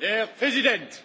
herr präsident!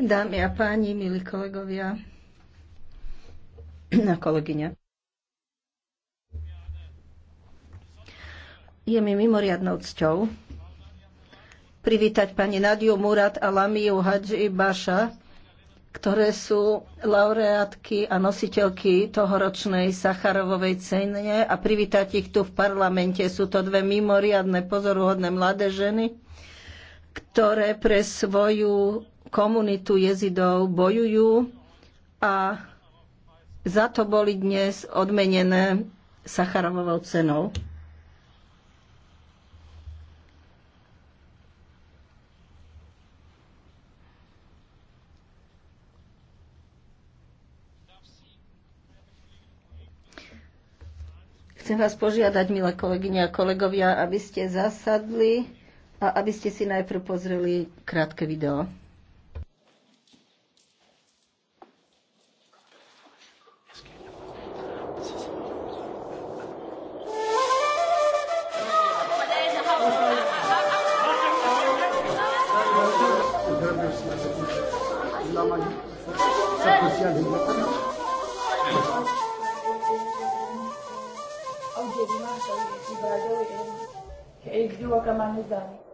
Dámy a páni, milí kolegovia a kolegyne. Je mi mimoriadnou cťou privítať pani Nadiu Murat a Lamiu Hadži Baša, ktoré sú laureátky a nositeľky tohoročnej Sacharovovej cene a privítať ich tu v parlamente. Sú to dve mimoriadne pozoruhodné mladé ženy, ktoré pre svoju komunitu jezidov bojujú a za to boli dnes odmenené Sacharovou cenou. Chcem vás požiadať, milé kolegyne a kolegovia, aby ste zasadli a aby ste si najprv pozreli krátke video. Audio di